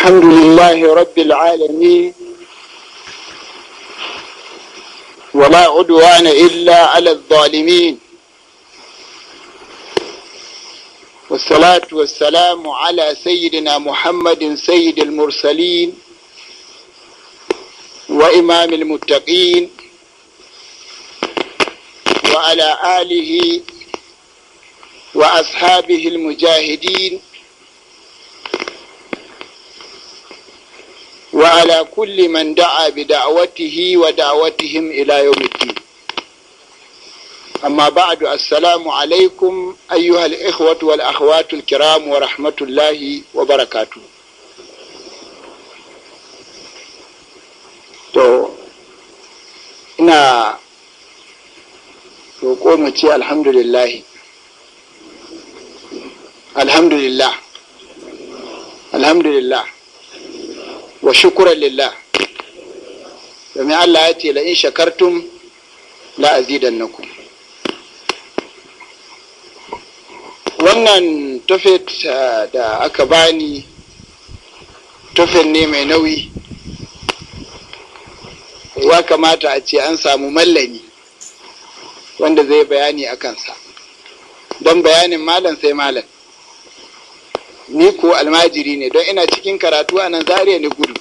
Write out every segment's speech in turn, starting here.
الحمد لله رب العالمين ولا عدوان إلا على الظالمين والصلاة والسلام على سيدنا محمد سيد المرسلين وإمام المتقين وعلى آله وأصحابه المجاهدين وعلى كل من دعا بدعوته ودعوتهم إلى يوم الدين أما بعد السلام عليكم أيها الإخوة والأخوات الكرام ورحمة الله وبركاته to ina roƙo mu ce alhamdulillahi alhamdulillah alhamdulillah wa shukuran lillah domin Allah ya ce la in shakartum la azidannakum wannan tufet uh, da aka bani tufet ne mai nauyi ya kamata a ce an samu mallami wanda zai bayani a kansa don bayanin malam sai malam ni ko almajiri ne don ina cikin karatu a nan zariya ni gudu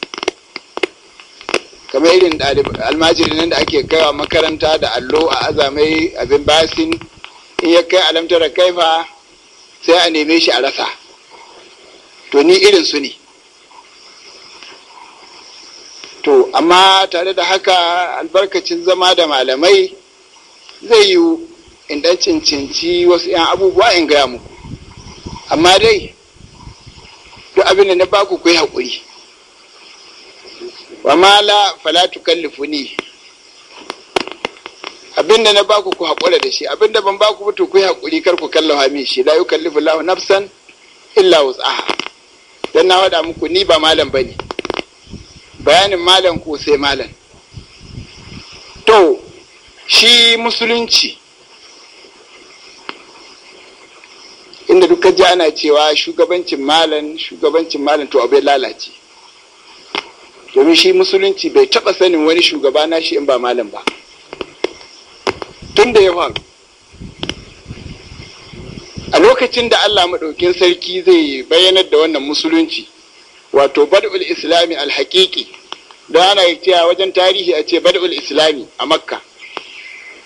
kamar irin almajiri nan da ake kaiwa makaranta da allo a azamai abin basin in ya kai alamtar kaifa sai a neme shi a rasa to ni irin su ne to amma tare da haka albarkacin zama da malamai zai yiwu in dan cincinci wasu 'yan abubuwa in gaya muku amma dai duk abin da na baku ku yi haƙuri wa mala fala ni. abin da na baku ku haƙura da shi abin da ban baku ba to ku yi haƙuri kar ku kallawa min shi la yukallifu lahu nafsan illa wus'aha dan na wada muku ni ba malam bane bayanin malam ko sai malam to shi musulunci inda duk ji ana cewa shugabancin malam shugabancin malam to abai lalace domin shi musulunci bai taba sanin wani shugaba na shi in ba malam ba tun da ya faru a lokacin da allah maɗaukin sarki zai bayyanar da wannan musulunci wato bad'ul islami alhaƙiƙi da ana cewa wajen tarihi a ce bad'ul islami a makka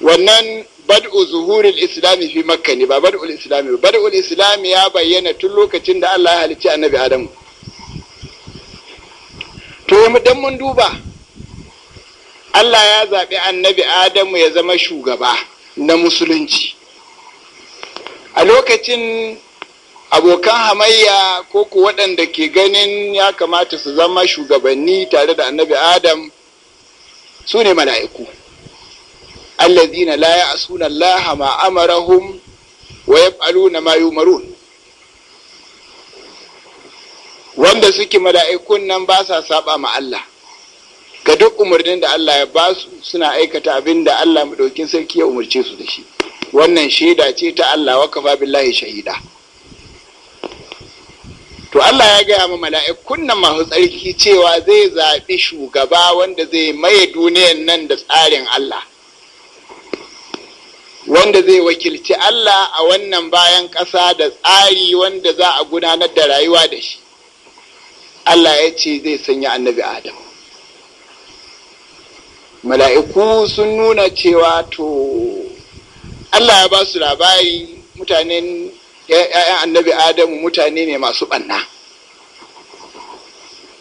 wannan bad'u zuhuril islami fi makka ne ba bad'ul islami ba bad'ul islami ya bayyana tun lokacin da Allah ya halicci annabi adamu to mu dan mun duba Allah ya zaɓi annabi adamu ya zama shugaba na musulunci a lokacin abokan hamayya ko ku waɗanda ke ganin ya kamata su zama shugabanni tare da annabi adam su ne mala'iku alladhina la a sunan ma amarahum wa yaf'aluna ma wanda suke mala'ikun nan ba sa saba ma Allah ga duk umarnin da Allah ya ba su suna aikata abin da Allah madaukin sarki ya umarce su da shi wannan shaida ce ta Allah wa kafa billahi shahida to Allah ya gaya ma mala'ikun nan masu tsarki cewa zai zaɓi shugaba wanda zai maye duniyan nan da tsarin Allah wanda zai wakilci Allah a wannan bayan ƙasa da tsari wanda za a gudanar da rayuwa da shi Allah ya ce zai sanya annabi Adam mala'iku sun nuna cewa to Allah ya ba su labari mutanen ‘ya'yan annabi Adamu mutane ne masu ɓanna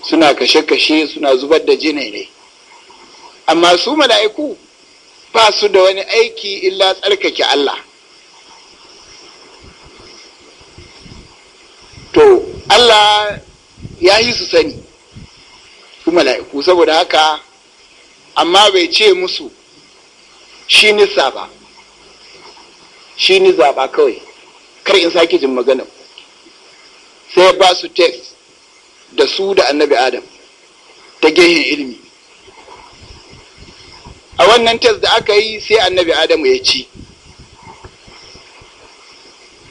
suna kashe-kashe suna zubar da jini ne amma mala'iku ba su da wani aiki illa tsarkake Allah to Allah ya yi su sani su mala'iku saboda haka amma bai ce musu shi nisa ba shi ni ba kawai kar in sake jin magana sai ba su tes da su da annabi adam ta gehen ilimi a wannan tes da aka yi sai annabi adamu ya ci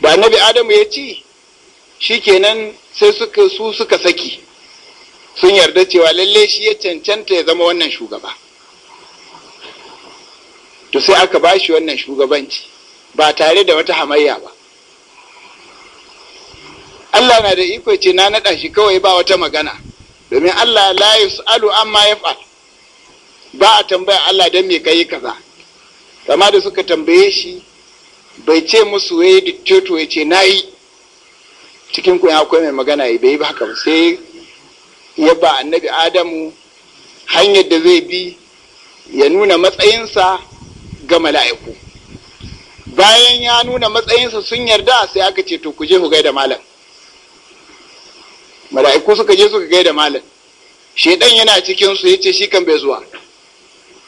da annabi adamu ya ci shikenan sai suka su suka saki sun yarda cewa lalle shi ya cancanta ya zama wannan shugaba to sai aka ba shi wannan shugabanci ba tare da wata hamayya ba Allah na da iko ce na naɗa shi kawai ba wata magana domin Allah la yus'alu amma yaf'al ba a tambaya Allah don me kai kaza kama da suka tambaye shi bai ce musu wai teto ya ce yi cikin ku akwai mai magana ya bai ba haka ba sai ya ba annabi Adamu hanyar da zai bi ya nuna matsayinsa ga mala'iku bayan ya nuna matsayinsa sun yarda sai aka ce to ku je ku gaida malam mala'iku suka je suka gaida malam shedan yana cikinsu su yace shi kan bai zuwa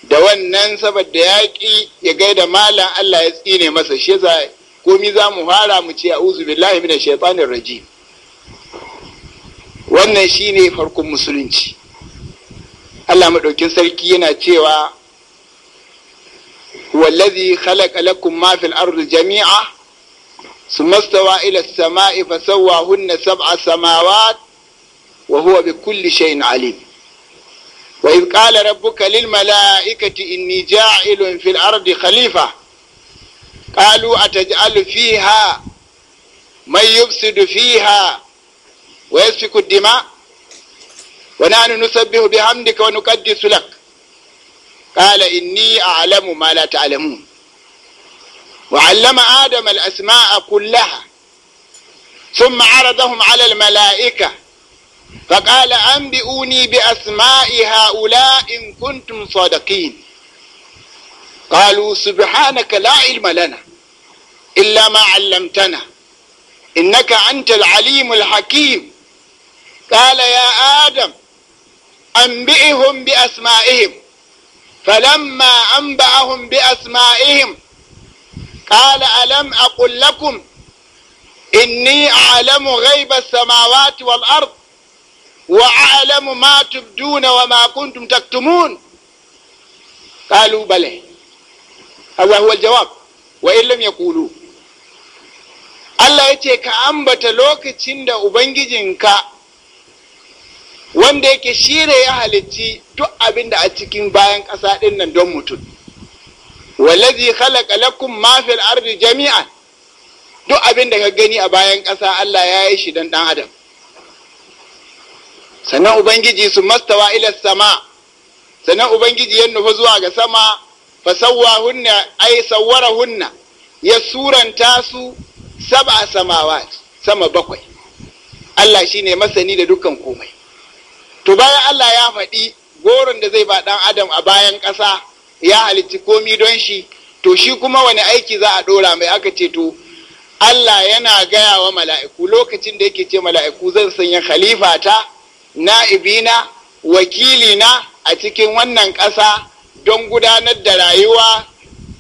da wannan saboda yaƙi ya gaida malam Allah ya tsine masa shi za komi za mu fara mu ce a'udhu billahi minash shaitanir rajim wannan shine farkon musulunci Allah madaukin sarki yana cewa wallazi khalaqa lakum ma fil ardi jami'a thumma stawa ila as-sama'i fasawwahunna sab'a samawat wa huwa bikulli shay'in alim وإذ قال ربك للملائكة إني جاعل في الأرض خليفة قالوا أتجعل فيها من يفسد فيها ويسفك الدماء ونحن نسبه بحمدك ونقدس لك قال إني أعلم ما لا تعلمون وعلم آدم الأسماء كلها ثم عرضهم على الملائكة فقال أنبئوني بأسماء هؤلاء إن كنتم صادقين قالوا سبحانك لا علم لنا إلا ما علمتنا إنك أنت العليم الحكيم قال يا آدم أنبئهم بأسمائهم فلما أنبأهم بأسمائهم قال ألم أقل لكم إني أعلم غيب السماوات والأرض وأعلم ما تبدون وما كنتم تكتمون قالوا بلى هذا هو الجواب وإن لم يقولوا Allah yace ka ambata lokacin da Ubangijinka wanda yake shire ya halicci duk abin da a cikin bayan ƙasa ɗin nan don mutum. Wallazi khalaqa lakum ma fil ardi jami'an duk abin da ka gani a bayan ƙasa Allah ya yi shi don ɗan adam. sannan ubangiji su mastawa ila sama sannan ubangiji ya nufa zuwa ga sama fa hunna ay hunna, ya suranta su sab'a samawat sama bakwai Allah shine masani da dukkan komai to bayan Allah ya faɗi goron da zai ba ɗan adam a bayan ƙasa ya halicci komi don shi to shi kuma wani aiki za a ɗora mai aka ce to Allah yana gaya wa mala'iku lokacin da yake ce mala'iku zan sanya khalifa ta na'ibina wakilina a cikin wannan ƙasa don gudanar da rayuwa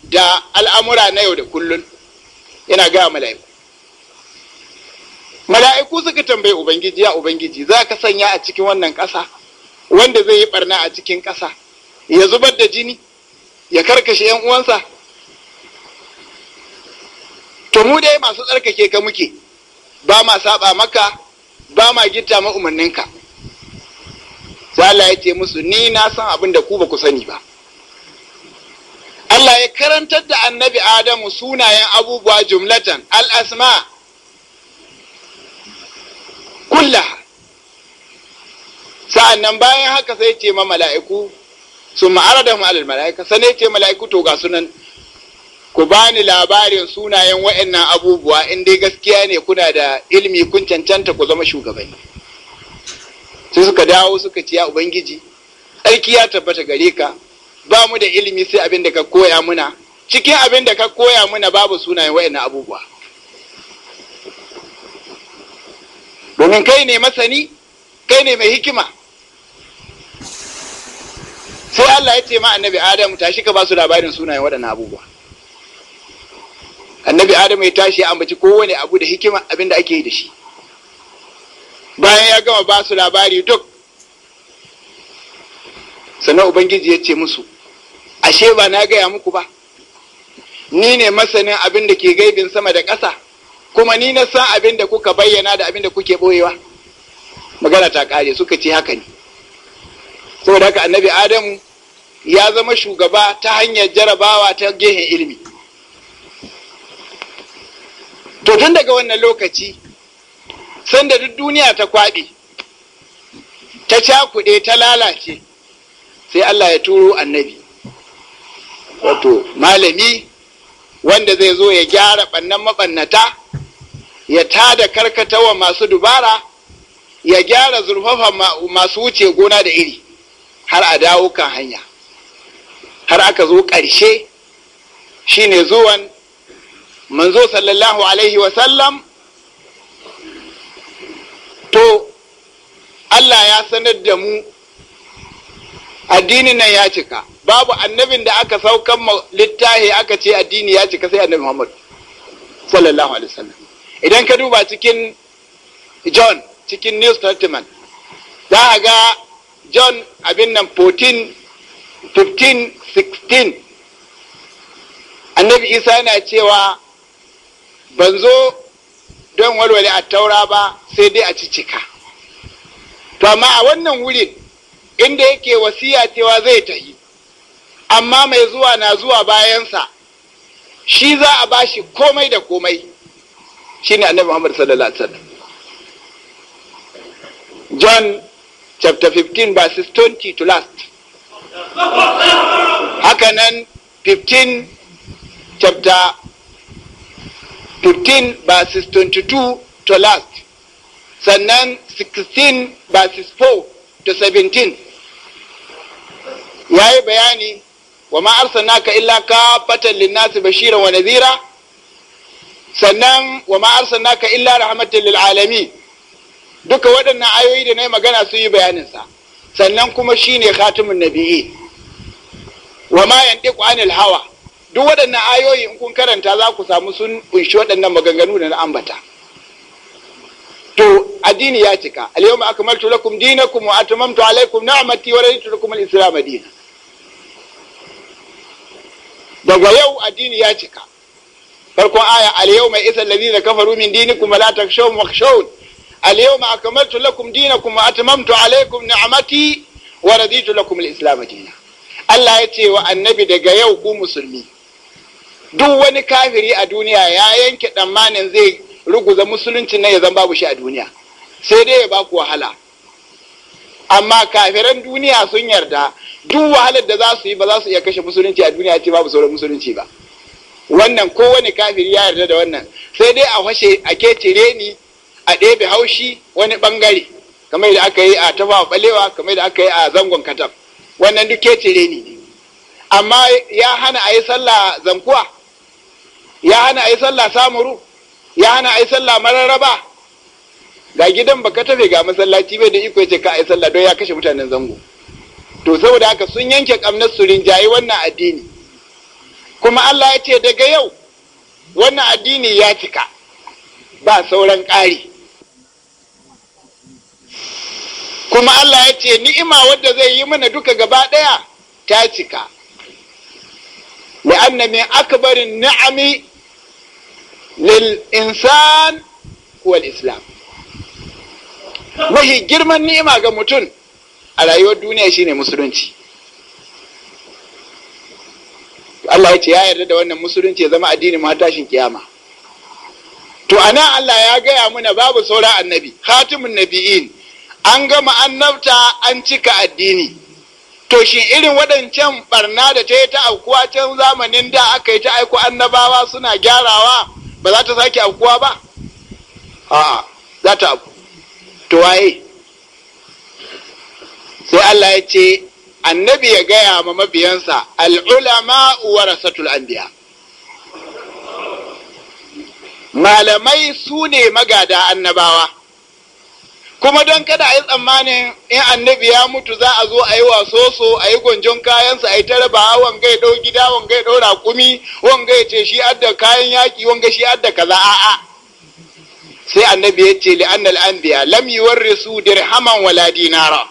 da al'amura na yau da kullun yana gaya mala'iku mala'iku suka tambayi ubangiji ya ubangiji za ka sanya a cikin wannan ƙasa wanda zai yi ɓarna a cikin ƙasa ya zubar da jini ya karkashe 'yan uwansa to mu dai masu tsarkake ka muke ba ma saba maka ba ma gita ma umarninka sai Allah ya ce musu ni na san abin da ku ba ku sani ba Allah ya karantar da annabi Adamu sunayen abubuwa jumlatan al-asma sa'an nan bayan haka sai ce ma mala'iku su ma'ara da ma'alar mala'ika sai ce mala'iku to ga sunan ku bani labarin sunayen wa'annan abubuwa in dai gaskiya ne kuna da ilmi kun cancanta ku zama shugabanni sai suka dawo suka ce ya ubangiji aiki ya tabbata gare ka ba mu da ilimi sai abin da ka koya muna cikin abin da ka koya muna babu sunayen wa'annan abubuwa domin kai ne masani kai ne mai hikima sai Allah ya ce ma annabi Adam tashi ka ba su labarin sunayen waɗannan abubuwa annabi Adam ya tashi ya ambaci kowane abu da hikima abin da ake yi da shi bayan ya gama ba su labari duk sannan ubangiji ya ce musu ashe ba na gaya muku ba ni ne masanin abin da ke gaibin sama da ƙasa kuma ni na san abin da kuka bayyana da abin da kuke boyewa magana ta ƙare suka ce haka ne saboda haka annabi adamu ya zama shugaba ta hanyar jarabawa ta gehen ilimi to tun daga wannan lokaci sanda duk duniya ta kwaɗe ta cakuɗe ta lalace sai Allah ya turo annabi wato malami wanda zai zo ya gyara ɓannan maɓannata ya tada karkatawa masu dubara ya gyara zurfafa masu wuce gona da iri har a dawo kan hanya har aka zo ƙarshe shine zuwan manzo sallallahu alaihi wasallam to Allah ya sanar da mu addinin nan ya cika babu annabin da aka saukan littahi aka ce addini ya cika sai annabi Muhammad sallallahu alaihi wasallam idan ka duba cikin John cikin New Testament za a ga John abin nan 14 15 16 annabi Isa yana cewa ban zo don walwale a taura ba sai dai a cicika to amma a wannan wurin inda yake wasiya cewa zai tahi amma mai zuwa na zuwa bayansa shi za a bashi komai da komai Shi ne annabi Muhammad sallallahu alaihi wasallam John chapter 15 verses 20 to last haka nan 15 chapter 15 verses 22 to last sannan 16 verses 4 to 17 ya yi bayani wa ma'arsa ka illa ka fatan linnasi bashiran wa nazira sannan wa ma'arsa ka illa rahmatin lil'alami duka waɗannan ayoyi da na yi magana sun yi bayaninsa sannan kuma shine khatimin nabi'i wa ma yandiku anil hawa duk waɗannan ayoyi in kun karanta za ku samu sun kunshi waɗannan maganganu da na ambata to addini ya cika al-yawma akmaltu lakum dinakum wa atmamtu alaykum ni'mati wa raditu lakum al-islam dinan daga yau addini ya cika farkon aya al-yawma isa alladhina kafaru min dinikum wa la takshawhum wakhshawun al-yawma akmaltu lakum dinakum wa atmamtu alaykum ni'mati wa raditu lakum al-islam dinan Allah ya ce wa annabi daga yau ku musulmi duk wani kafiri a duniya ya yanke tsammanin zai ruguza musulunci na ya zan babu shi a duniya sai dai ya baku wahala amma kafiran duniya sun yarda duk wahalar da za su yi ba za su iya kashe musulunci a duniya ce babu sauran musulunci ba wannan ko wani kafiri ya yarda da wannan sai dai a fashe a kecire ni a ɗebe haushi wani ɓangare kamar da aka yi a tafawa ɓalewa kamar da aka yi a zangon katab wannan duk kecire ni amma ya hana a yi sallah zankuwa ya hana a yi sallah samuru ya hana a yi sallah mararraba ga gidan baka tafe ga masallaci bai da iko ya ce ka a yi sallah don ya kashe mutanen zango to saboda haka sun yanke kamnar su rinjaye wannan addini kuma Allah ya ce daga yau wannan addini ya cika ba sauran ƙari kuma Allah ya ce ni'ima wadda zai yi mana duka gaba ɗaya ta cika li'anna min akbarin ni'ami lil'insan huwal islam mahi girman ni'ima ga mutum a rayuwar duniya shine musulunci Allah ya ce ya yarda da wannan musulunci ya zama addinin tashin kiyama to anan Allah ya gaya muna babu saura annabi khatimun nabi'in an gama annabta an cika addini to shi irin waɗancan barna da ta yi ta aukuwa can zamanin da aka yi ta aiko annabawa suna gyarawa ba za ta sake afkuwa ba a'a za ta afku to waye sai Allah ya ce annabi ya gaya ma mabiyansa al'ulama warasatul anbiya malamai su ne magada annabawa kuma don kada a yi tsammanin in annabi ya mutu za a zo a yi waso so a yi gwanjon kayansa a yi ta raba wanga ya ɗau gida wanga ya ɗau raƙumi wanga ya ce shi adda kayan yaƙi wanga shi adda kaza a'a sai annabi ya ce li annal anbiya lam yuwarrisu dirhaman wala dinara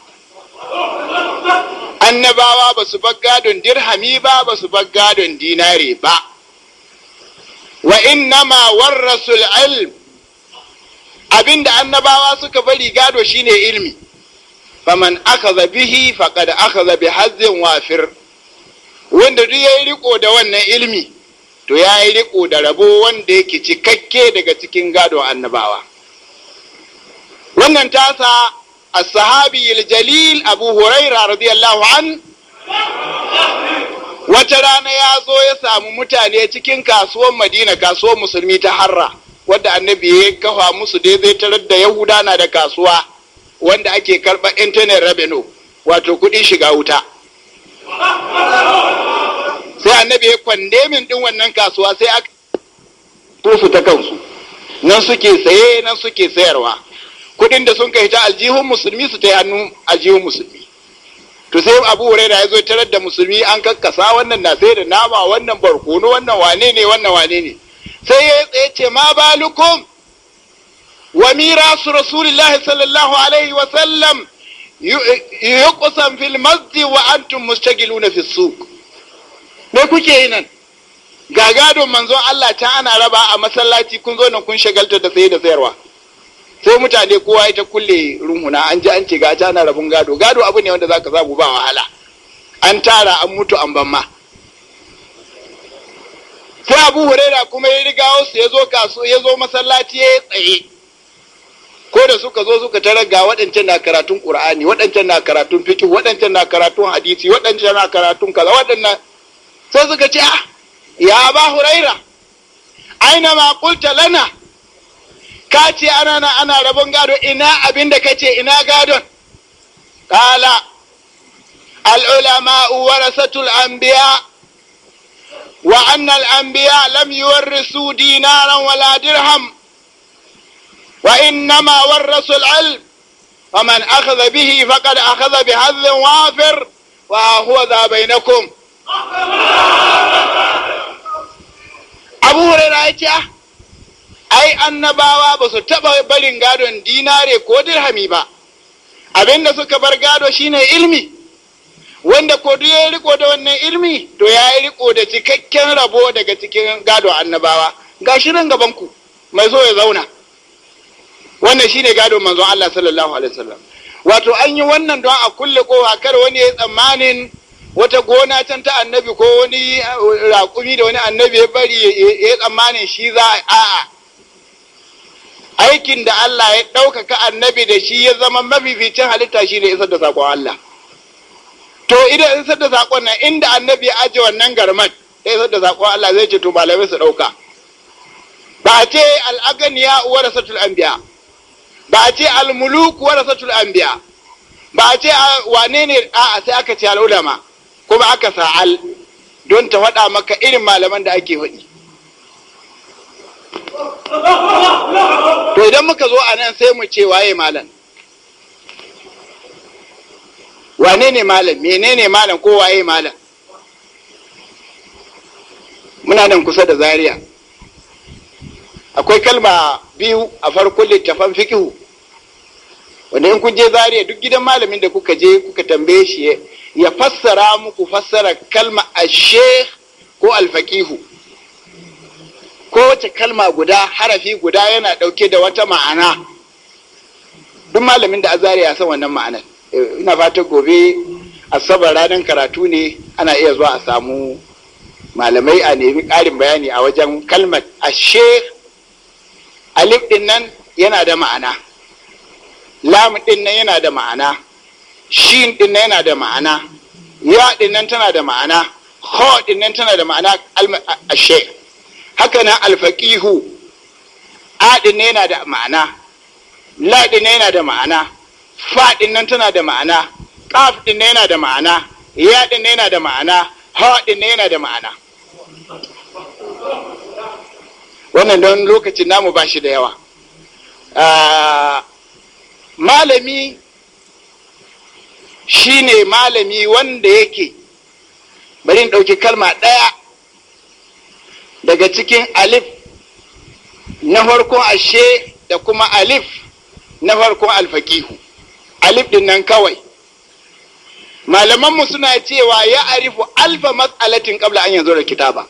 annabawa ba su bar gadon dirhami ba ba su bar gadon dinare ba wa innama warrasul ilm Abin da annabawa suka bari gado shine ilmi faman akaza bihi faqad akaza bi hazin wafir wanda duk yayi riko da wannan ilmi to yayi riko da rabo wanda yake cikakke daga cikin gado annabawa wannan tasa a sahabi al-jalil abu huraira radiyallahu an wata rana ya zo ya samu mutane cikin kasuwar madina kasuwar musulmi ta harra wadda annabi ya kafa musu daidai tarar da yahuda na da kasuwa wanda ake karba intanet rabino wato kuɗin shiga wuta sai annabi ya kwanne min ɗin wannan kasuwa sai aka tufu ta kansu nan suke saye nan suke sayarwa kuɗin da sun kai ta aljihun musulmi su ta yi aljihun musulmi to sai abu huraira ya zo tarar da musulmi an kakkasa wannan na sai da nama wannan barkono wannan wane ne wannan wane ne sai ya tsaye ce ma balukum wa mirasu rasulillahi sallallahu alaihi wa sallam yuqsam fil masjid wa antum mustaqiluna na fisu. me kuke yi nan ga gadon manzon Allah ta ana raba a masallaci kun zo nan kun shagalta da saye da sayarwa sai mutane kowa ta kulle ruhuna an ji an ce ga ta ana rabun gado gado abu ne wanda zaka zabu ba wahala an tara an mutu an bamma. sai abu huraira kuma ya riga wasu ya zo kasu ya zo masallaci ya tsaye ko da suka zo suka tarar ga waɗancan na karatun ƙur'ani waɗancan na karatun fiqh waɗancan na karatun hadisi waɗancan na karatun kaza waɗannan sai suka ce ah ya ba huraira aina ma qulta lana ka ce ana na ana rabon gado ina abin da ka ce ina gadon qala al ulama'u warasatul anbiya' وأن الأنبياء لم يورثوا دينارا ولا درهم وإنما ورثوا العلم فمن أخذ به فقد أخذ بحظ وافر وهو ذا بينكم abu huraira ya ce ai annabawa ba su taɓa barin gadon dinare ko dirhami ba abinda suka bar gado shine ilmi wanda ko duk ya riko da wannan ilmi to ya yi riko da cikakken rabo daga cikin gado annabawa ga shi nan gaban ku mai zo ya zauna wannan shine gado manzon Allah sallallahu alaihi wasallam wato an yi wannan don a kulle a kar wani ya tsammanin wata gona can ta annabi ko wani uh, raƙumi da wani annabi ya bari ya tsammanin shi za a a aikin da Allah ya ɗaukaka annabi da shi ya zama mafificin halitta shi ne isar da saƙon Allah to idan isar da sakon nan inda annabi ya aje wannan garmat ta isar da sakon Allah zai ce to malamai su dauka ba a ce al'aganiya warasatul anbiya ba a ce al-muluk warasatul anbiya ba ce wane ne a sai aka ce al'ulama kuma aka sa'al don ta faɗa maka irin malaman da ake faɗi to idan muka zo a nan sai mu ce waye malam wane ne malam ne malam ko waye malam muna nan kusa da zaria akwai kalma biyu a farkon littafan fikihu wanda in kun je zaria duk gidan malamin da kuka je kuka tambaye shi ya fassara muku fassara kalma ashe ko alfakihu kowace kalma guda harafi guda yana ɗauke da wata ma'ana duk malamin da a zaria ya san wannan ma'anar Eh, ina fata gobe asabar ranar karatu ne ana iya zuwa a samu malamai a nemi ƙarin bayani a wajen kalmar ashe alif ɗin nan yana da ma'ana lam ɗin nan yana da ma'ana shin ɗin nan yana da ma'ana ya ɗin nan tana da ma'ana ho ɗin nan tana da ma'ana ashe haka na alfaqihu a ɗin nan yana da ma'ana la ɗin nan yana da ma'ana fa din nan tana da ma'ana ƙaf din nan yana da ma'ana ya din yana da ma'ana ha din nan yana da ma'ana wannan don lokacin namu ba shi da yawa ah, malami shi ne malami wanda yake bari in ɗauki kalma ɗaya daga cikin alif na farkon ashe da kuma alif na farkon alfakihu alif din nan kawai malamanmu suna cewa ya arifu alfa matsalatin kabla an yanzu da kitaba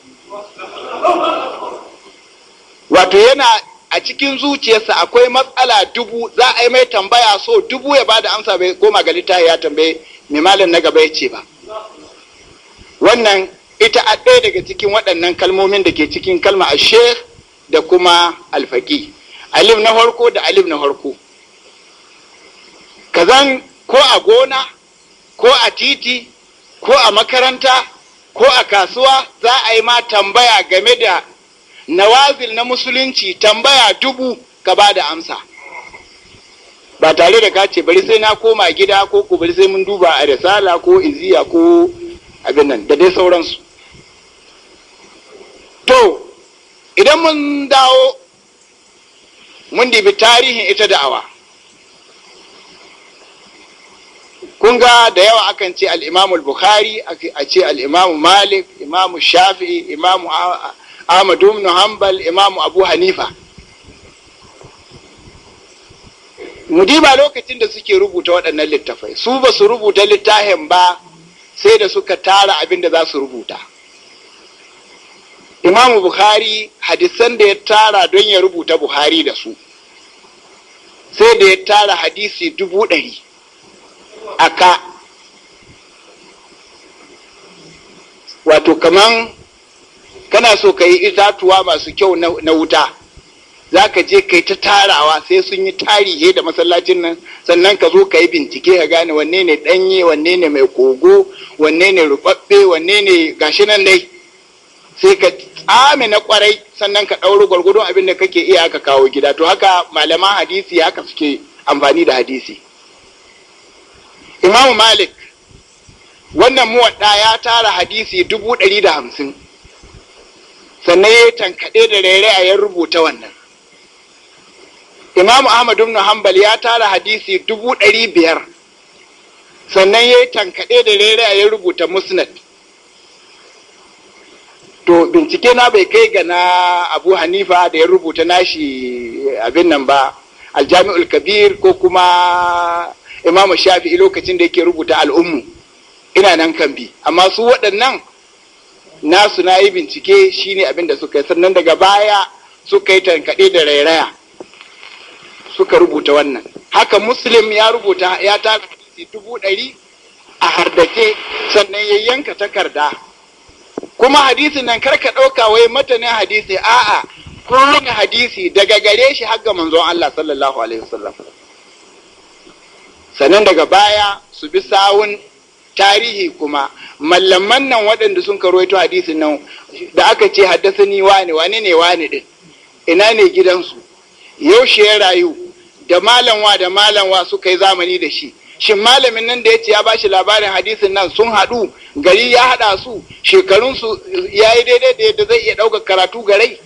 wato yana a cikin zuciyarsa akwai matsala dubu za a yi mai tambaya so dubu ya bada amsa bai goma ga littafi ya tambaye mai malam na gaba ya ce ba wannan ita a ɗaya daga cikin waɗannan kalmomin da ke cikin kalma a da kuma alfaƙi alif na farko da alif na farko kazan ko a gona ko a titi ko a makaranta ko a kasuwa za a yi ma tambaya game da nawazil na musulunci tambaya dubu ka ba da amsa ba tare da ka ce bari sai na koma gida ko ko bari sai mun duba a risala ko iziya ko abin nan da dai sauransu to idan mun dawo mun dibi tarihin ita da'awa kun ga da yawa akan ce al'imamu bukhari a ce al'imamu malik imamu shafi'i imamu ahmadu ibn hanbal imamu abu hanifa ba lokacin da suke rubuta waɗannan littafai su ba su rubuta littafin ba sai da suka tara abin da za su rubuta imamu bukhari hadisan da ya tara don ya rubuta buhari da su sai da ya tara hadisi dubu ɗari aka wato kaman kana so ka yi itatuwa masu kyau na wuta za ka je ka yi ta tarawa sai sun yi tarihi da masallacin nan sannan ka zo ka yi bincike ka gane wanne ne ɗanye wanne ne mai kogo wanne ne rubabbe wanne ne gashi nan dai sai ka tsame na kwarai sannan ka ɗauro gwargwadon abin da kake iya ka kawo gida to haka malaman hadisi haka suke amfani da hadisi Imamu malik wannan muwadda ya tara hadisi dubu ɗari da hamsin sannan ya yi tankaɗe da rere a yin rubuta wannan imam ahmad ibn hanbal ya tara hadisi dubu ɗari biyar sannan ya yi tankaɗe da rere a yin rubuta musnad to bincike na bai kai ga na abu hanifa da ya rubuta nashi abin nan ba aljami'ul kabir ko kuma imamu shafi'i lokacin da yake rubuta al'ummu ina nan kan bi amma su waɗannan nasu na yi bincike shine abin da suka yi sannan daga baya suka yi tankaɗe da rairaya suka rubuta wannan haka muslim ya rubuta ya ta dubu ɗari a hardake sannan ya yanka takarda kuma hadisi nan kar ka ɗauka wai matanin hadisi a'a kowane hadisi daga gare shi har ga manzon Allah sallallahu alaihi wasallam sannan daga baya su bi sawun tarihi kuma mallaman nan waɗanda sun karo ito hadisin nan da aka ce ni wane wane ne wane din ina ne gidansu yaushe ya rayu da malamwa da malamwa suka yi zamani da shi shin malamin nan da ya ce ya bashi labarin hadisin nan sun haɗu gari ya haɗa su shekarunsu ya yi daidai da yadda zai iya ɗaukar karatu garai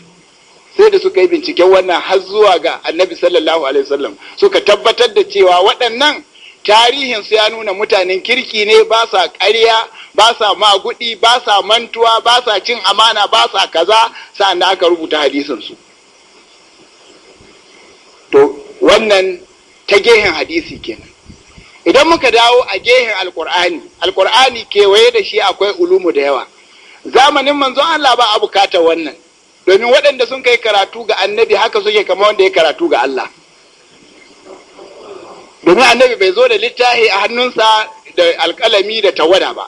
sai da suka yi binciken wannan har zuwa ga annabi sallallahu alaihi wasallam suka tabbatar da cewa waɗannan tarihin su ya nuna mutanen kirki ne ba sa ƙarya ba sa magudi ba sa mantuwa ba sa cin amana ba sa kaza sa'an da aka rubuta hadisin su to wannan ta gehen hadisi kenan idan muka dawo a gehen alkur'ani alkur'ani kewaye da shi akwai ulumu da yawa zamanin manzon Allah ba a bukata wannan domin waɗanda sun kai karatu ga annabi haka suke kamar wanda ya karatu ga Allah domin annabi bai zo da littafi a hannunsa da alkalami da tawada ba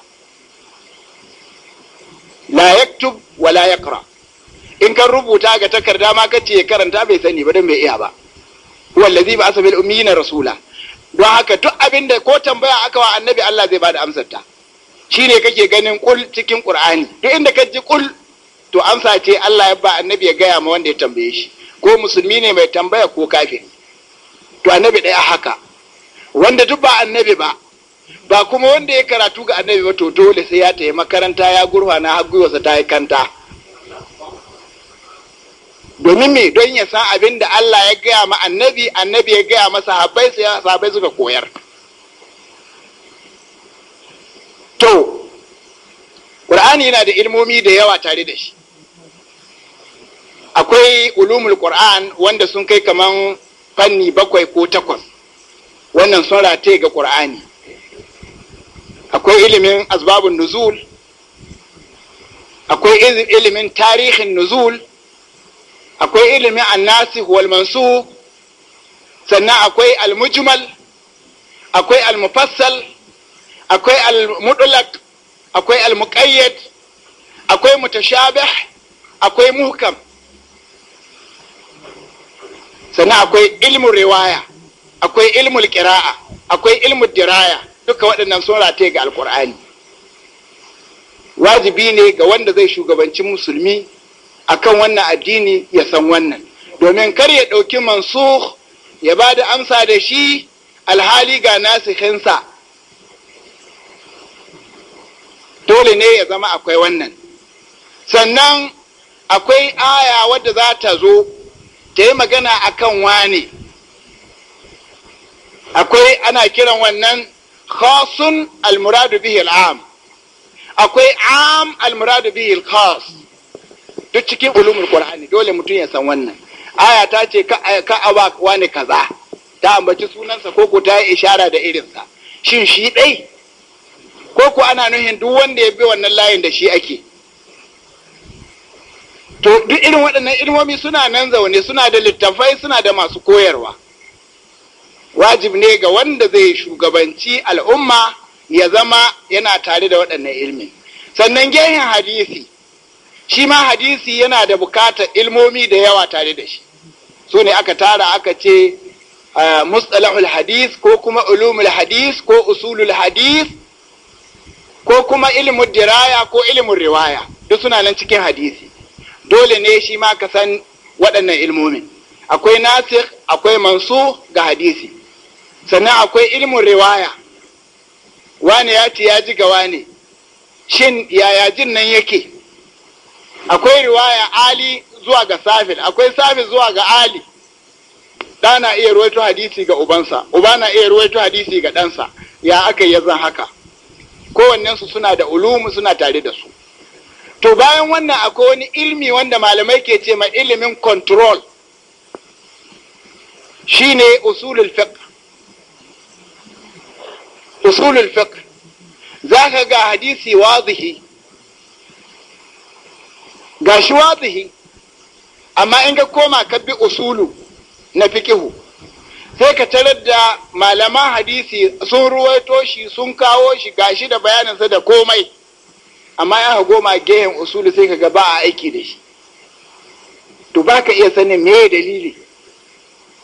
la yaktub wa la yaqra in kan rubuta ga takarda ma kace ya karanta bai sani ba dan bai iya ba wallazi ba asabil ummiyina rasula don haka duk abinda ko tambaya aka wa annabi Allah zai bada amsar ta shine kake ganin kul cikin qur'ani duk inda ka ji kul to amsa ce Allah ya ba annabi ya gaya ma wanda ya tambaye shi ko musulmi ne mai tambaya ko kafiri to annabi ɗaya haka wanda duk ba annabi ba ba kuma wanda ya karatu ga annabi ba to dole sai ya tafi makaranta ya gurfana har gwiwarsa ta yi kanta domin me don ya san abin da Allah ya gaya ma annabi annabi ya gaya masa sahabbai sahabbai suka koyar to Qur'ani yana da ilmomi da yawa tare da shi akwai ulumul Qur'an wanda sun kai kaman fanni bakwai ko takwas wannan sun rataye ga ƙur'ani akwai ilimin asbabun nuzul akwai ilimin tarihin nuzul akwai ilimin annasi wal mansu sannan akwai almujmal akwai almufassal akwai almudulak akwai almuqayyad akwai mutashabih akwai muhkam sannan akwai ilmin riwaya akwai ilmul kira'a akwai ilmul diraya duka waɗannan sun rataye ga alkur'ani wajibi ne ga wanda zai shugabanci musulmi akan wannan addini ya san wannan domin kar ya ɗauki mansuh ya ba da amsa da shi alhali ga nasihinsa dole ne ya zama akwai wannan sannan akwai aya wadda za ta zo ta yi magana akan wane akwai ana kiran wannan khasun almuradu bihi al'am akwai am almuradu bihi al duk cikin ulumul qur'ani dole mutum ya san wannan aya ta ce ka awa wani kaza ta ambaci sunansa ko ko ta yi ishara da irinsa shin shi dai ko ko ana nuhin duk wanda ya bi wannan layin da shi ake to duk irin waɗannan ilmomi suna nan zaune suna da littafai suna da masu koyarwa wajib ne ga wanda zai shugabanci al'umma ya zama yana tare da waɗannan ilmi sannan gehen hadisi shi ma hadisi yana da bukatar ilmomi da yawa tare da shi su ne aka tara aka ce mustalahul hadis ko kuma ulumul hadis ko usulul hadis ko kuma ilimin diraya ko ilimin riwaya duk suna nan cikin hadisi dole ne shi ma ka san waɗannan ilmomin akwai nasir akwai mansu ga hadisi sannan akwai ilmin riwaya Wani ya ci ya ji ga wani shin yaya jin nan yake akwai riwaya ali zuwa ga safil akwai safil zuwa ga ali Da na iya ruwaito hadisi ga ubansa uba na iya ruwaito hadisi ga ɗansa ya aka yi zan haka kowannensu suna da ulumu suna tare da su to bayan wannan akwai wani ilmi wanda malamai ke ce ma ilimin control shine usulul fiqh usulul fiqh za ka ga hadisi wazihi ga shi wazihi amma in ka koma ka bi usulu na sai ka tarar da malaman hadisi sun ruwaito shi sun kawo shi gashi da bayaninsa da komai amma ya goma gehen usulu sai ka ga ba a aiki da shi to ba ka iya sanin me dalili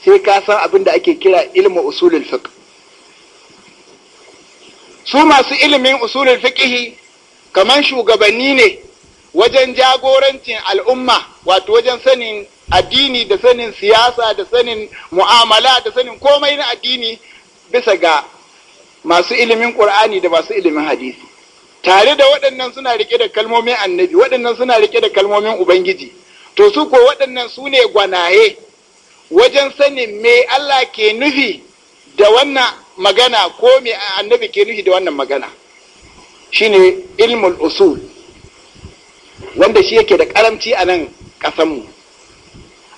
sai ka san abin da ake kira ilmu usulul fiqh su masu ilimin usulul fiqihi kaman shugabanni ne wajen jagorancin al'umma wato wajen sanin addini da sanin siyasa da sanin mu'amala da sanin komai na addini bisa ga masu ilimin ƙur'ani da masu ilimin hadisi tare da waɗannan suna rike da kalmomin annabi waɗannan suna rike da kalmomin ubangiji to su ko waɗannan su ne gwanaye wajen sanin me Allah ke nufi da wannan magana ko me annabi ke nufi da wannan magana shine ilmul usul wanda shi yake da karamci a nan ƙasanmu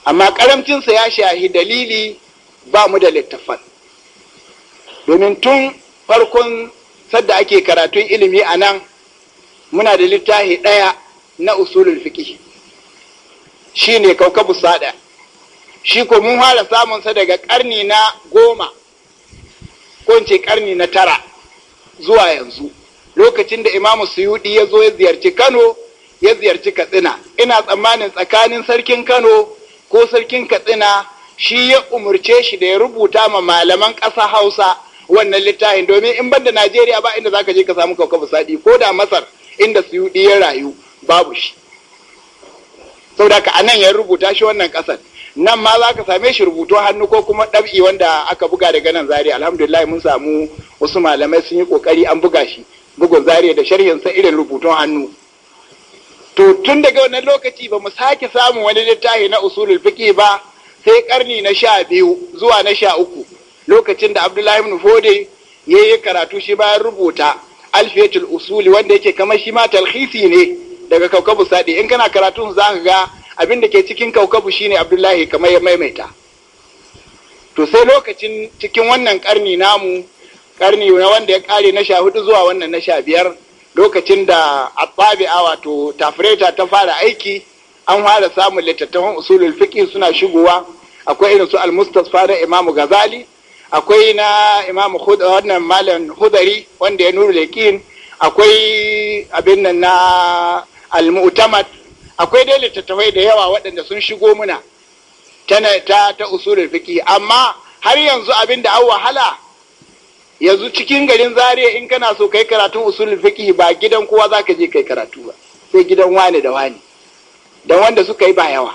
amma karamcinsa ya shahi dalili ba mu da littafan domin tun farkon sadda ake karatun ilimi a nan muna da littafi ɗaya na usulul fiqh shine kaukabu sada shi ko mun fara samunsa daga ƙarni na goma ko in ce karni na tara zuwa yanzu lokacin da imamu suyudi ya zo ya ziyarci kano ya ziyarci katsina ina tsammanin tsakanin sarkin kano ko sarkin katsina shi ya umurce shi da ya rubuta ma malaman ƙasa hausa wannan littafin domin in banda najeriya ba inda ka je ka samu kaukabu sadi ko da masar inda suyudi ya rayu babu shi saboda ka anan ya rubuta shi wannan ƙasar nan ma za ka same shi rubutu hannu ko kuma ɗab'i wanda aka buga daga nan zari alhamdulillah mun samu wasu malamai sun yi kokari an buga shi bugun zari da sa irin rubutun hannu to tun daga wannan lokaci ba mu sake samun wani littafi na usulul fiqh ba sai karni na sha biyu zuwa na sha uku lokacin da abdullahi ibn fode ya yi karatu shi bayan rubuta alfiyatul usuli wanda yake kamar shi ma talhisi ne daga kaukabu sadi in kana karatun za ka ga abin da ke cikin kaukabu shine abdullahi kamar ya maimaita to sai lokacin cikin wannan karni namu karni na wanda ya kare na sha hudu zuwa wannan na sha biyar lokacin da atsabi'a wato tafireta ta fara aiki an fara samun littattafan usulul fiqh suna shigowa akwai irin su al-mustasfa imamu gazali akwai na imamu wannan malam hudari wanda ya nuru yaqin akwai abin nan na al-mu'tamad akwai dai littattafai da yawa waɗanda sun shigo muna tana ta ta usulul amma har yanzu abin da an wahala yanzu cikin garin Zariya in kana so kai karatun usulul fikihi ba gidan kowa za ka je kai karatu ba sai gidan wani da wani don wanda suka yi ba yawa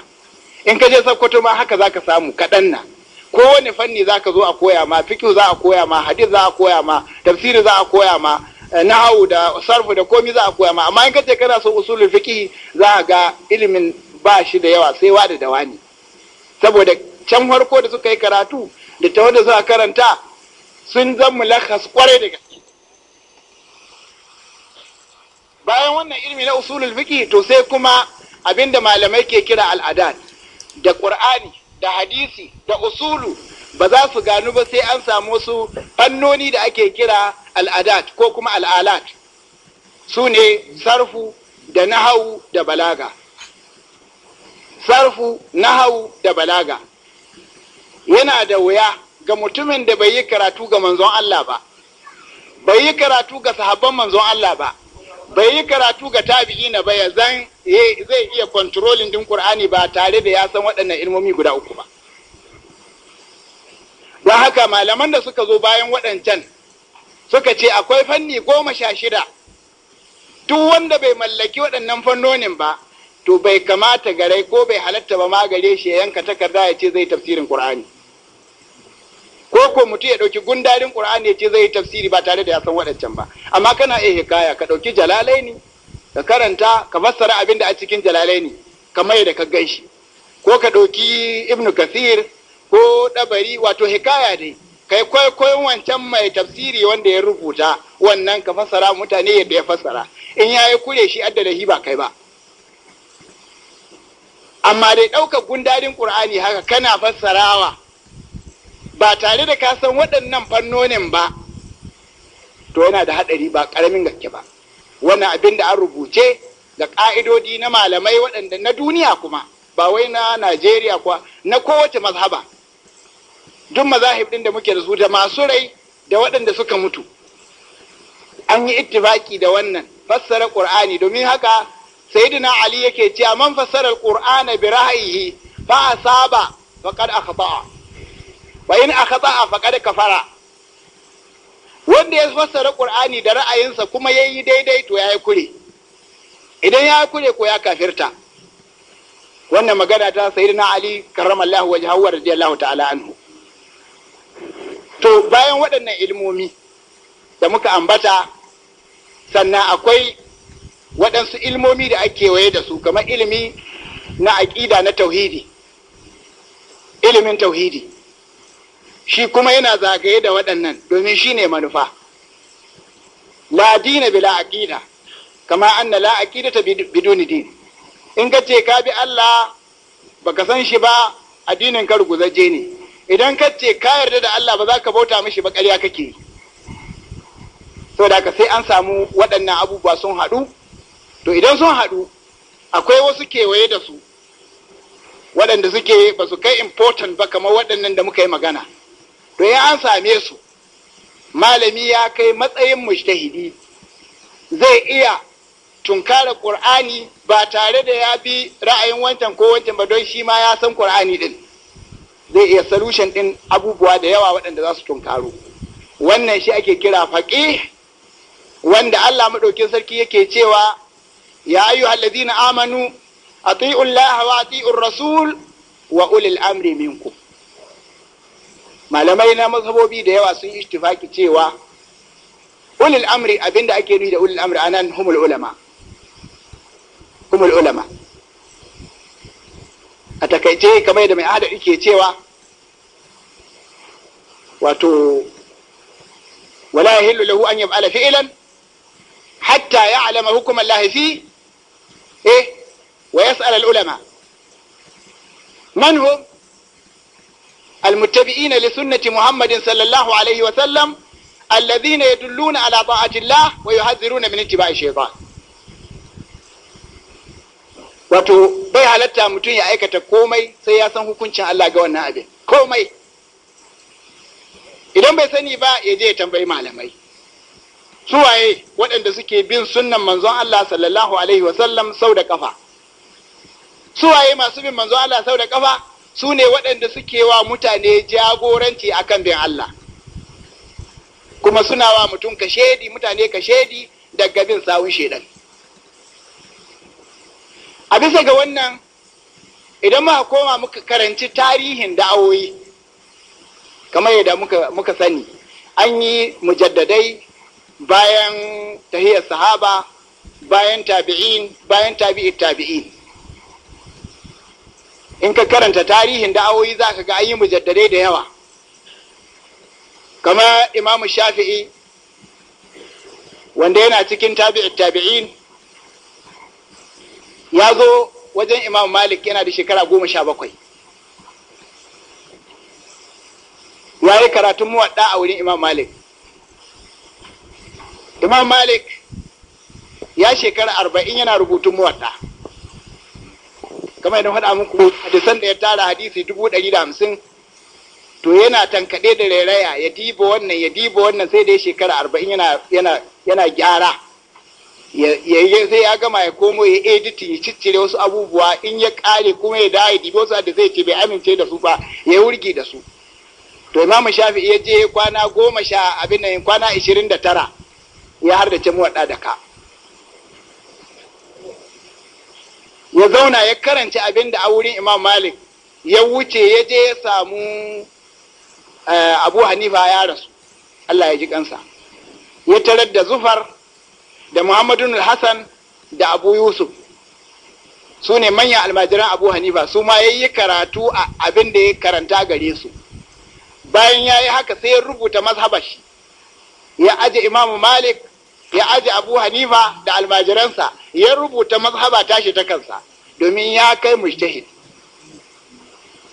in ka je Sakkwato, ma haka za ka samu kaɗan na kowane fanni za ka zo a koya ma fiqh za a koya ma hadith za a koya ma tafsiri za a koya ma na'awu da sarfu da komi za a koya ma amma in kace kana son usulul fiqh za a ga ilimin ba shi da yawa sai wa da dawani saboda can farko da suka yi karatu da ta wanda suka karanta sun zan mulakhas kwarai da gaske bayan wannan ilimi na usulul fiqh to sai kuma abinda malamai ke kira al'adat da qur'ani da hadisi da usulu ba za su gano ba sai an samu su fannoni da ake kira al'adat ko kuma al'alat su ne sarfu da nahawu da balaga sarfu nahawu da balaga yana da wuya ga mutumin da bai yi karatu ga manzon Allah ba bai yi karatu ga sahabban manzon Allah ba bai yi karatu ga tabi'i na bayan zai iya kontrolin din Qur'ani ba tare da ya san waɗannan ilmomi guda uku ba don haka malaman da suka zo bayan waɗancan suka ce akwai fanni goma sha shida duk wanda bai mallaki waɗannan fannonin ba to bai kamata gare ko bai halatta ba ma shi ya yanka takarda ya ce zai tafsirin ƙur'ani. ko ko mutum ya ɗauki gundarin qur'ani ya ce zai tafsiri ba tare da ya san waɗancan ba amma kana iya hikaya ka ɗauki jalalaini ka karanta ka fassara abin da a cikin jalalai jalalaini kamar da ka gan shi ko ka ɗauki ibnu kathir ko ɗabari wato hikaya ne, kai kwaikwayon wancan mai tafsiri wanda ya rubuta wannan ka fasara mutane yadda ya fasara, in ya yi kure shi adda da ba kai ba amma dai ɗaukar gundarin ƙur'ani haka kana fassarawa ba tare da kasan waɗannan fannonin ba to yana da haɗari ba ƙaramin gaske ba wannan abin da an rubuce ga ƙa'idodi na malamai waɗanda na duniya kuma ba wai na najeriya kuwa na kowace mazhaba duk mazahib din da muke da su da masu rai da waɗanda suka mutu an yi ittifaki da wannan fassara qur'ani domin haka sayyidina ali yake cewa man fassara alqur'ana bi ra'yihi fa asaba faqad akhta'a wa in akhta'a faqad kafara wanda ya fassara qur'ani da ra'ayinsa kuma yayi daidai to yayi kure idan ya kure ko ya kafirta wannan magana ta sayyidina ali karramallahu wajhahu radiyallahu ta'ala anhu to bayan waɗannan ilmomi da muka ambata sannan akwai waɗansu ilmomi da ake waye da su kamar ilimi na aƙida na tauhidi ilimin tauhidi shi kuma yana zagaye da waɗannan domin shi ne manufa la dina bila aƙida kama anna la aqidata biduni din in ka ce ka bi Allah baka san shi ba addinin ka ruguzaje ne idan ka ce ka yarda da Allah ba za ka bauta mishi ba ƙarya kake saboda ka sai an samu waɗannan abubuwa sun haɗu to idan sun haɗu akwai wasu kewaye da su waɗanda suke ba su kai important ba kamar waɗannan da muka yi magana to in an same su malami ya kai matsayin mujtahidi zai iya tunkara ƙur'ani ba tare da ya bi ra'ayin wancan ko wancan ba don shi ma ya san ƙur'ani ɗin. zai iya solution ɗin abubuwa da yawa waɗanda za su tunkaro wannan shi ake kira faƙi wanda Allah maɗaukin sarki yake cewa ya ayyu na amanu ati'u Allah wa ati'u rasul wa ulil amri malamai na mazhabobi da yawa sun ishtifaki cewa ulil amri abinda ake nufi da ulil amri anan humul humul ulama ta kamar da mai ada ke cewa wato wala yahillu lahu an yaf'ala fi'lan hatta ya'lama hukum Allah fi eh wa yas'al al-ulama man hum المتبعين لسنة محمد صلى الله عليه وسلم الذين يدلون على طاعة الله ويحذرون من اتباع الشيطان wato bai halatta mutum ya aikata komai sai ya san hukuncin Allah ga wannan abin komai idan bai sani ba ya je ya tambayi malamai suwaye waɗanda suke bin sunnan manzon Allah sallallahu alaihi wasallam sau da kafa suwaye masu bin manzon Allah sau da kafa su ne waɗanda suke wa mutane jagoranci akan bin Allah kuma suna wa mutum kashedi mutane kashedi daga bin sawun shedan a bisa ga wannan idan muka koma muka karanci tarihin da'awoyi kamar yadda muka, sani an yi mujaddadai bayan tahiyar sahaba bayan tabi'in bayan tabi'in tabi'in in ka karanta tarihin da'awoyi za ka ga an yi mujaddadai da yawa kama imamu shafi'i wanda yana cikin tabi'in tabi'in ya zo wajen imam malik yana da shekara goma sha bakwai ya yi karatun muwaɗa a wurin imam malik imam malik ya shekara arba'in yana rubutun muwaɗa kamar yadda faɗa muku hadisan da ya tara hadisi dubu ɗari da hamsin to yana tankaɗe da rairaya ya diba wannan ya diba wannan sai dai shekara arba'in yana gyara ya sai ya gama ya komo ya editi ya ciccire wasu abubuwa in ya kare kuma ya dawo ya wasu da zai ce bai amince da su ba ya wurgi da su to imamu shafi ya je kwana goma sha abin nan kwana ashirin da tara ya har da ce muwaɗa da ka ya zauna ya karanci abin da a wurin imam malik ya wuce ya je ya samu eh, abu hanifa ya rasu allah ya ji kansa ya tarar da zufar da Muhammadu hassan da abu yusuf su ne manyan almajiran abu hanifa su ma ya yi karatu a abin da ya karanta gare su bayan ya yi haka sai ya rubuta mazhabashi ya aje imamu malik ya aje abu hanifa da almajiransa ya rubuta mazhaba tashi ta kansa domin ya kai mujtahid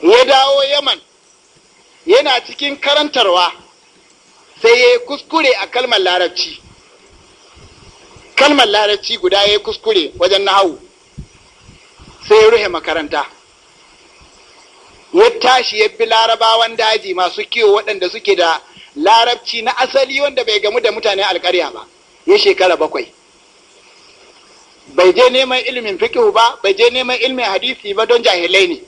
ya dawo yaman yana cikin karantarwa sai ya kuskure a kalmar larabci kalmar larabci guda ya yi kuskure wajen nahawu sai ya ruhe makaranta ya tashi ya bi larabawan daji masu kiwo waɗanda suke da larabci na asali wanda bai gamu da mutane alkarya ba ya shekara bakwai bai je neman ilimin fikihu ba bai je neman ilimin hadisi ba don jahilai ne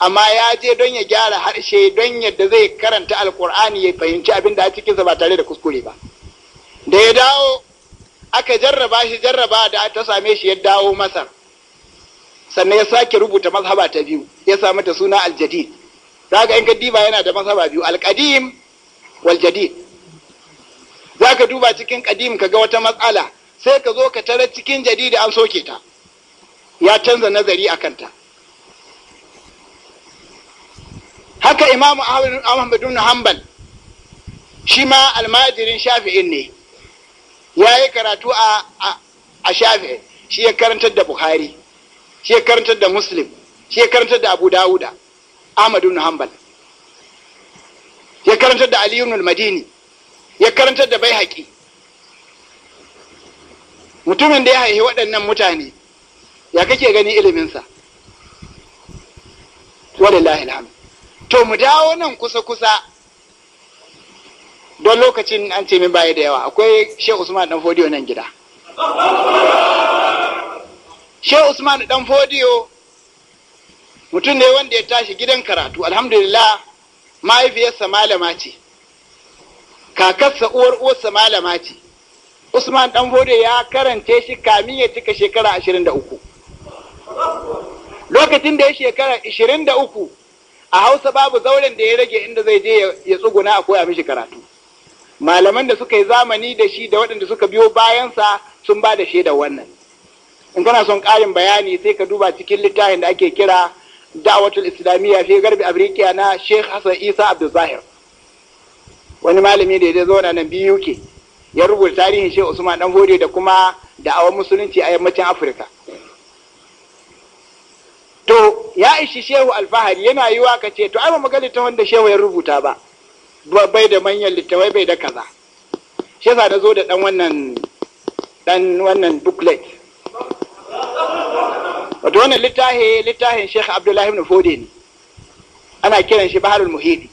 amma ya je don ya gyara harshe don yadda zai karanta alkur'ani ya fahimci abin da a cikinsa ba tare da kuskure ba da ya dawo aka jarraba shi jarraba da ta same shi ya dawo masar sannan ya sake rubuta mazhaba ta biyu ya samu ta suna aljadid zaka in ka diba yana da mazhaba biyu alkadim waljadi Za ka duba cikin ka ga wata matsala sai ka zo ka tara cikin da an soke ta ya canza nazari a kanta haka imamu ahmad ibn hanbal shi ma almajirin shafi'in ne ya yi karatu a shafi shi ya karantar da buhari shi ya karantar da muslim shi ya karantar da abu dawuda Amadu ibn hanbal ya karantar da aliyu ibn madini ya karantar da baihaqi mutumin da ya haihi waɗannan mutane ya kake gani iliminsa walillahi alhamd to mu dawo nan kusa-kusa don lokacin an ce min baya da yawa akwai Sheikh usman dan fodiyo nan gida Sheikh usman dan fodiyo mutum ne wanda ya tashi gidan karatu alhamdulillah mahaifiyarsa malama ce kakarsa uwar uwarsa malama ce usman dan fodiyo ya karance shi kamin ya cika shekara ashirin da lokacin da ya shekara ashirin uku a hausa babu zauren da ya rage inda zai je ya tsuguna a koya mishi karatu malaman da suka yi zamani da shi da waɗanda suka biyo bayansa sun ba da shaidar wannan in kana son ƙarin bayani sai ka duba cikin littafin da ake kira da'watul islamiyya fi garbi afirka na sheikh hassan isa abdulzahir wani malami da ya zauna nan biyu ke ya rubuta tarihin sheikh usman dan hode da kuma da'awar musulunci a yammacin afirka to ya ishi shehu alfahari yana yiwa ka ce to ai ba mu ga littafin da shehu ya rubuta ba bai da manyan littawai bai da kaza shi yasa na zo da dan wannan dan wannan booklet wato wannan littafi littafin Sheikh Abdullahi ibn Fode ne ana kiran shi Baharul Muhidi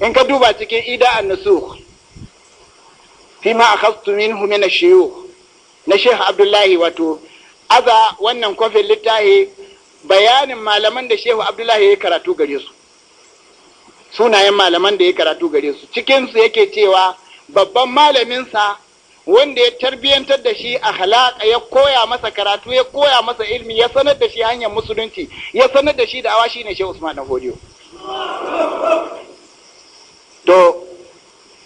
in ka duba cikin Ida an-Nusukh fi ma akhadtu minhu min ash-shuyukh na Sheikh Abdullahi wato aza wannan kofin littafi bayanin malaman da Sheikh Abdullahi ya karatu gare su sunayen malaman da ya karatu gare su cikinsu yake cewa babban malaminsa wanda ya tarbiyantar da shi a halaƙa ya koya masa karatu ya koya masa ilmi ya sanar da shi hanyar musulunci ya sanar da shi da shi shine shehu Usman na Hodiyo to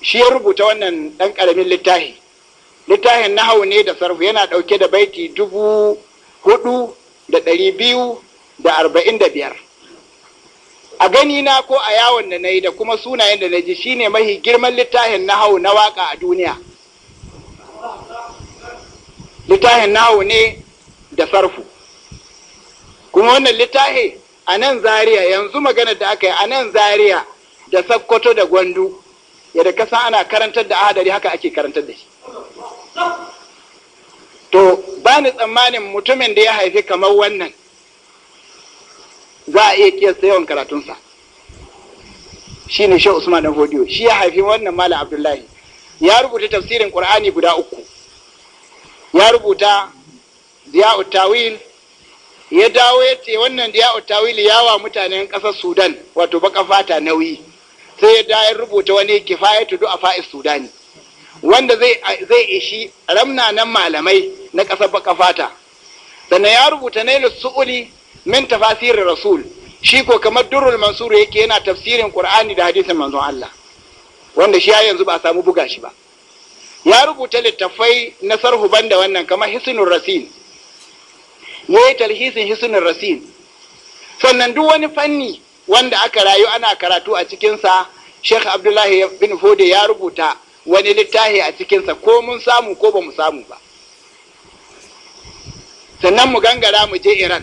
shi ya rubuta wannan ɗan karamin littafi littafin na ne da sarfu yana ɗauke da baiti dubu hudu da ɗari biyu da arba'in da biyar a gani na ko a yawon da na yi da kuma sunayen da na ji shine mahi girman littafin hau na waka a duniya littafin hau ne da sarfu kuma wannan littafi a nan Zariya, yanzu magana da aka yi a nan Zariya da sakkwato da gwandu yadda kasa ana karantar da ahadari haka ake karantar da shi to ba ni tsammanin mutumin da ya haifi kamar wannan za a iya kiyasta yawan karatunsa shi ne shehu usman dan hodiyo shi ya haifi wannan malam abdullahi ya rubuta tafsirin qur'ani guda uku ya rubuta diya utawil ya dawo ya ce wannan diya utawil ya wa mutanen ƙasar sudan wato baka fata nauyi sai ya dawo ya rubuta wani kifayatu a fa'is sudani wanda zai zai 'Ramna nan malamai na ƙasar baka fata sannan ya rubuta nailu su'uli min tafasirin rasul shi ko kamar durrul mansur yake yana tafsirin qur'ani da hadisin manzon Allah wanda shi yanzu ba a samu buga shi ba ya rubuta littafai na sarhu banda wannan kamar hisnul rasin yayi talhisin hisnul rasin sannan duk wani fanni wanda aka rayu ana karatu a cikinsa Sheikh Abdullahi bin Fode ya rubuta wani littafi a cikinsa ko mun samu ko ba mu samu ba sannan mu gangara mu je Iran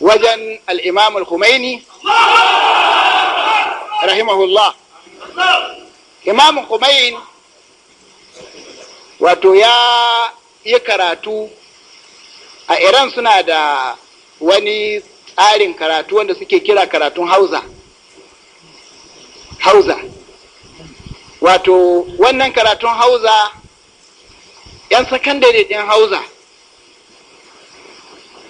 wajen al'imam al-Khumaini rahimahullah imam Khumain wato ya yi karatu a Iran suna da wani tsarin karatu wanda suke kira karatun Hausa. hauza wato wannan karatun Hausa, 'yan sakandare din Hausa.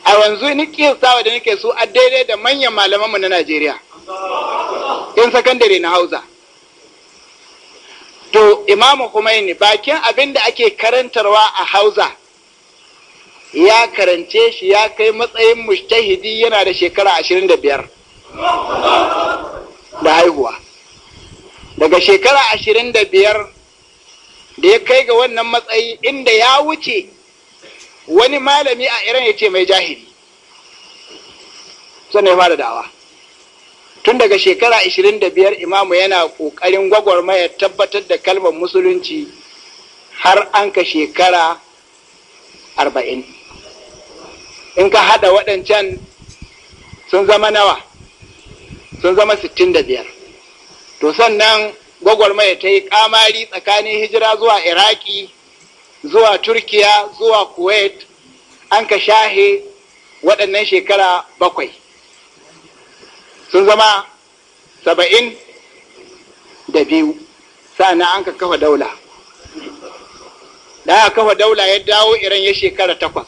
a yanzu ni kiyasawa da nake su a daidai da manyan malamanmu na Najeriya Yan sakandare na Hausa to imamu Khomeini bakin abin da ake karantarwa a Hausa ya karance shi ya kai matsayin mushtahidi yana da shekara 25 da haihuwa daga shekara 25 da ya kai ga wannan matsayi inda ya wuce wani malami a iran ya ce mai jahili sannan ya fara dawa tun daga shekara 25 imamu yana ƙoƙarin gwagwarmaya tabbatar da kalmar musulunci har an ka shekara 40 in ka hada waɗancan sun zama nawa sun zama 65 to sannan gwagwarmaya ta yi kamari tsakanin hijira zuwa iraki zuwa turkiya zuwa kuwait an ka shahe waɗannan shekara bakwai sun zama saba'in da biyu sa'ana an ka kafa daula da aka kafa daula ya dawo iran ya shekara takwas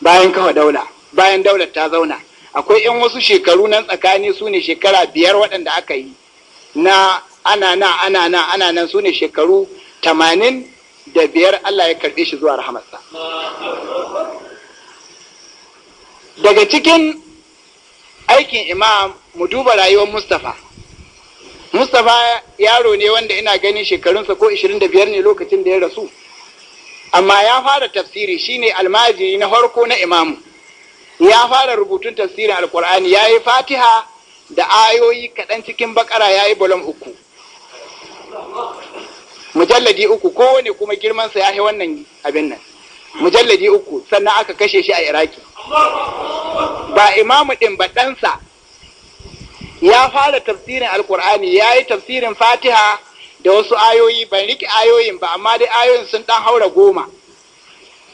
bayan kafa daula bayan daular ta zauna akwai 'yan wasu shekaru nan tsakani su ne shekara biyar waɗanda aka yi na ana na ana na ana nan su ne shekaru tamanin da biyar Allah ya karɓe shi zuwa rahamarsa daga cikin aikin imam mu duba rayuwar Mustapha. Mustapha yaro ne wanda ina ganin shekarunsa ko 25 ne lokacin da ya rasu. Amma ya fara tafsiri shine almajiri na farko na imamu. Ya fara rubutun tafsirin alkur'ani ya yi fatiha da ayoyi kaɗan cikin bakara ya yi bolon uku mujalladi uku kowane kuma girmansa ya yi wannan abin nan mujalladi uku sannan aka kashe shi a iraki ba imamu ɗin ba ɗansa ya fara tafsirin alkur'ani ya yi tafsirin fatiha da wasu ayoyi ban rike ayoyin ba amma dai ayoyin sun ɗan haura goma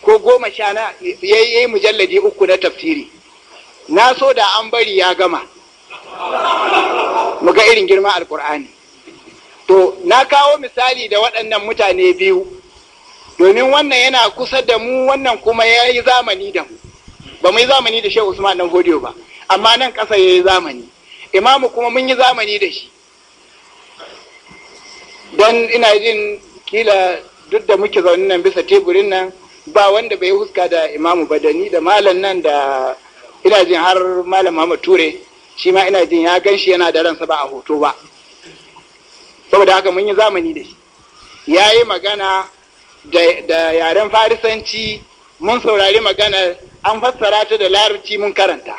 ko goma sha na ya yi mujalladi uku na tafsiri na so da an bari ya gama muga irin girma alkur'ani to na kawo misali da waɗannan mutane biyu domin wannan yana kusa da mu wannan kuma ya yi zamani da mu ba mu yi zamani da shehu usman dan hodiyo ba amma nan ƙasa ya yi zamani imamu kuma mun yi zamani da shi don ina jin kila duk da muke zaune nan bisa teburin nan ba wanda bai huska da imamu badani da malam nan da ina jin har malam Muhammad Ture shi ma ina jin ya gan shi yana da ransa ba a hoto ba saboda haka mun yi zamani da shi ya yi magana da yaren farisanci mun saurari magana an fassara ta da larabci mun karanta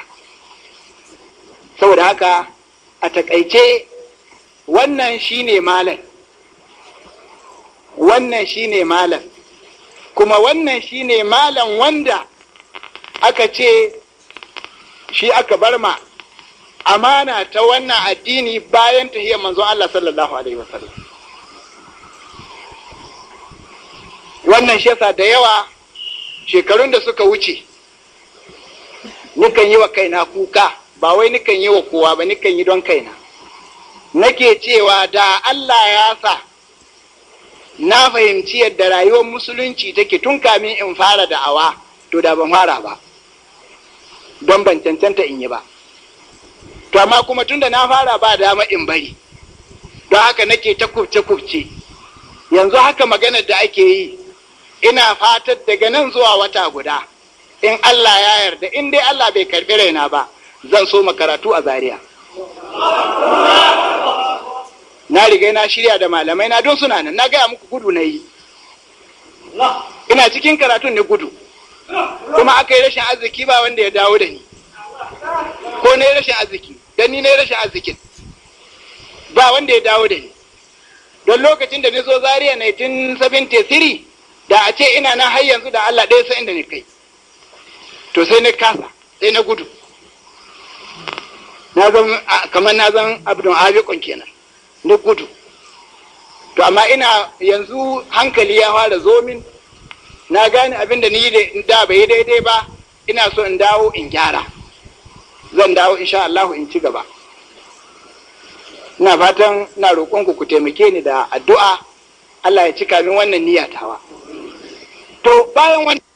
saboda haka a takaice wannan shine malam wannan shine malam kuma wannan shine malam wanda aka ce shi aka bar ma amana ta wannan addini bayan tahiyar manzon Allah sallallahu alaihi wasallam wannan shesa da yawa shekarun da suka wuce nukan yi wa kaina kuka ba wai nukan yi wa kowa ba nukan yi don kaina nake cewa da Allah ya sa na fahimci yadda rayuwar musulunci take tun kamin in fara da'awa to da ban fara ba don ban cancanta in yi ba to amma kuma tunda na fara ba dama in bari don haka nake ta kubce-kubce yanzu haka maganar da ake yi ina fatar daga nan zuwa wata guda in Allah ya yarda in dai Allah bai karbi raina ba zan so makaratu a zaria na riga na shirya da malamai na don suna nan na gaya muku gudu na yi ina cikin karatun ne gudu kuma aka yi rashin arziki ba wanda ya dawo da ni ko na yi rashin arziki dan ni ne rashin arzikin ba wanda ya dawo da ni don lokacin da ni zo zaria 1973 da a ce ina na har yanzu da Allah ɗaya sai inda ni kai to sai na kasa sai na gudu na zan kamar na zan abdon abiqon kenan na gudu to amma ina yanzu hankali ya fara zomin. na gane abin da ni da bai daidai ba ina so in dawo in gyara zan dawo in sha Allah in ci gaba ina fatan na roƙonku ku taimake ni da addu'a Allah ya cika min wannan niyyatawa to bayan wannan